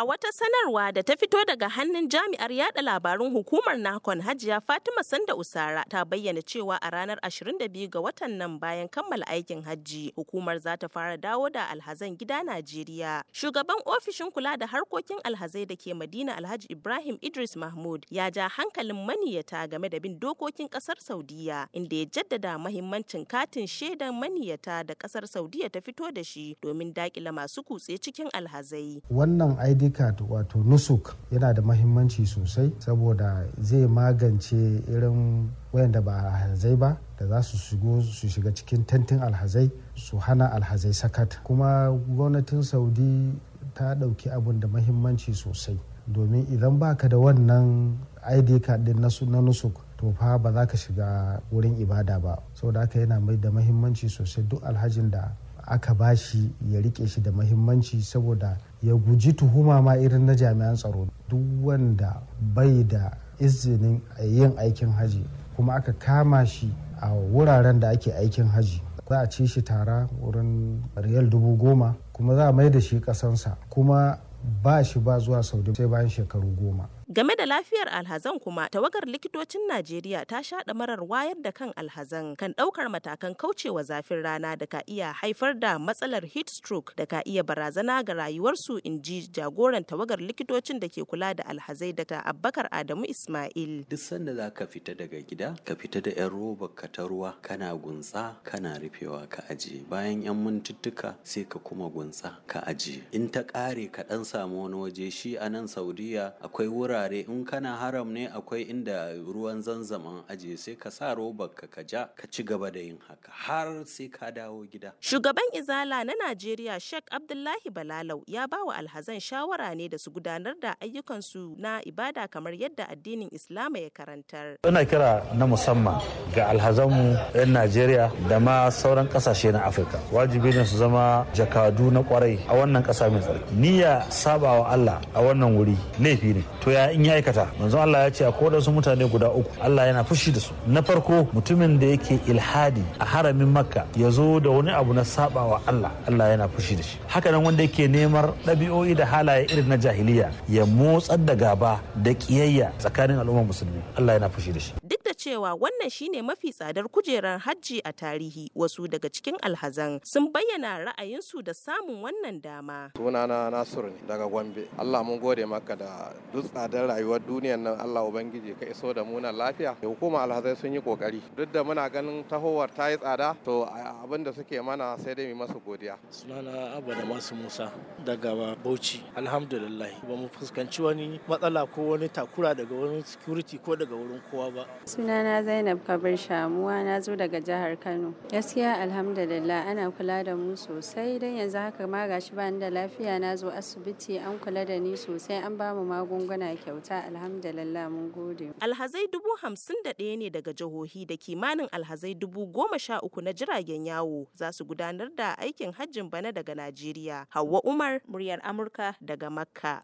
A wata sanarwa da ta fito daga hannun jami'ar yada labarun hukumar Nakon Hajiya Fatima Sanda Usara ta bayyana cewa a ranar 22 ga watan nan bayan kammala aikin hajji hukumar za ta fara dawo da alhazan gida Najeriya. Shugaban ofishin kula da harkokin alhazai da ke Madina Alhaji Ibrahim Idris Mahmud ya ja hankalin maniyata game da bin dokokin kasar Saudiya inda ya jaddada mahimmancin katin shaidan maniyata da kasar Saudiya ta fito da shi domin dakila masu kutse cikin alhazai. Wannan hakika wato nusuk yana da mahimmanci sosai saboda zai magance irin wayanda ba alhazai ba da za su shigo su shiga cikin tantin alhazai su hana alhazai sakat kuma gwamnatin saudi ta ɗauki abun da mahimmanci sosai domin idan baka da wannan id card din na nusuk to fa ba za ka shiga wurin ibada ba saboda haka yana mai da mahimmanci sosai duk alhajin da aka bashi ya rike shi da mahimmanci saboda ya guji tuhuma ma irin na jami'an tsaro duk wanda bai da izinin yin aikin haji kuma aka kama shi a wuraren da ake aikin haji za a ci shi tara wurin riyal dubu goma kuma za a mai da shi kasansa kuma ba shi ba zuwa saudi sai bayan shekaru goma Game da lafiyar alhazan kuma tawagar likitocin Najeriya ta shaɗa marar wayar da kan alhazan kan ɗaukar matakan kaucewa zafin rana da ka iya haifar da matsalar heat stroke da ka iya barazana ga rayuwarsu in ji jagoran tawagar likitocin da ke kula da alhazai da Abbakar Adamu Ismail. Duk sanda za ka fita daga gida, ka fita da 'yan roba ka ta ruwa kana gunsa kana rufewa ka ajiye bayan 'yan mintuttuka sai ka kuma gunsa ka ajiye. In ta ƙare ka ɗan samu wani waje shi a nan Saudiya akwai wura wurare in kana haram ne akwai inda ruwan zanzaman ajiye sai ka sa robar ka ka ja ka ci gaba da yin haka har sai ka dawo gida. Shugaban Izala na Najeriya Sheikh Abdullahi Balalau ya ba wa alhazan shawara ne da su gudanar da ayyukansu na ibada kamar yadda addinin Islama ya karantar. Ina kira na musamman ga alhazanmu 'yan Najeriya da ma sauran kasashe na Afirka. Wajibi ne su zama jakadu na kwarai a wannan ƙasa mai tsarki. Niyya sabawa Allah a wannan wuri laifi ne. to ya in ya aikata manzo Allah ya ce a su mutane guda uku Allah yana fushi da su na farko mutumin da yake ilhadi a haramin makka ya zo da wani abu na sabawa Allah Allah yana fushi da shi haka nan wanda yake neman ɗabi'o'i da halaye irin na jahiliya ya motsar da gaba da kiyayya tsakanin al'ummar musulmi Allah yana fushi da shi cewa wannan shine mafi tsadar kujerar hajji a tarihi wasu daga cikin alhazan sun bayyana ra'ayinsu da samun wannan dama. Sunana Nasiru ne daga Gombe. Allah mun gode maka da duk tsadar rayuwar duniyar nan Allah Ubangiji ka iso da muna lafiya. Hukuma alhazai sun yi kokari. Duk da muna ganin tahowar ta yi tsada to abin da suke mana sai dai mu masu godiya. Sunana Abba da Masu Musa daga Bauchi. Alhamdulillah ba mu fuskanci wani matsala ko wani takura daga wani security ko daga wurin kowa ba. Sunana Sunana Zainab Kabir Shamuwa na zo daga jihar Kano. Gaskiya alhamdulillah ana kula da mu sosai don yanzu haka ma gashi bani da lafiya na zo asibiti an kula da ni sosai an ba mu magunguna kyauta alhamdulillah mun gode. Alhazai dubu hamsin da ɗaya ne daga jihohi da kimanin alhazai dubu goma sha uku na jiragen yawo za su gudanar da aikin hajjin bana daga Najeriya. Hauwa Umar muryar Amurka daga Makka.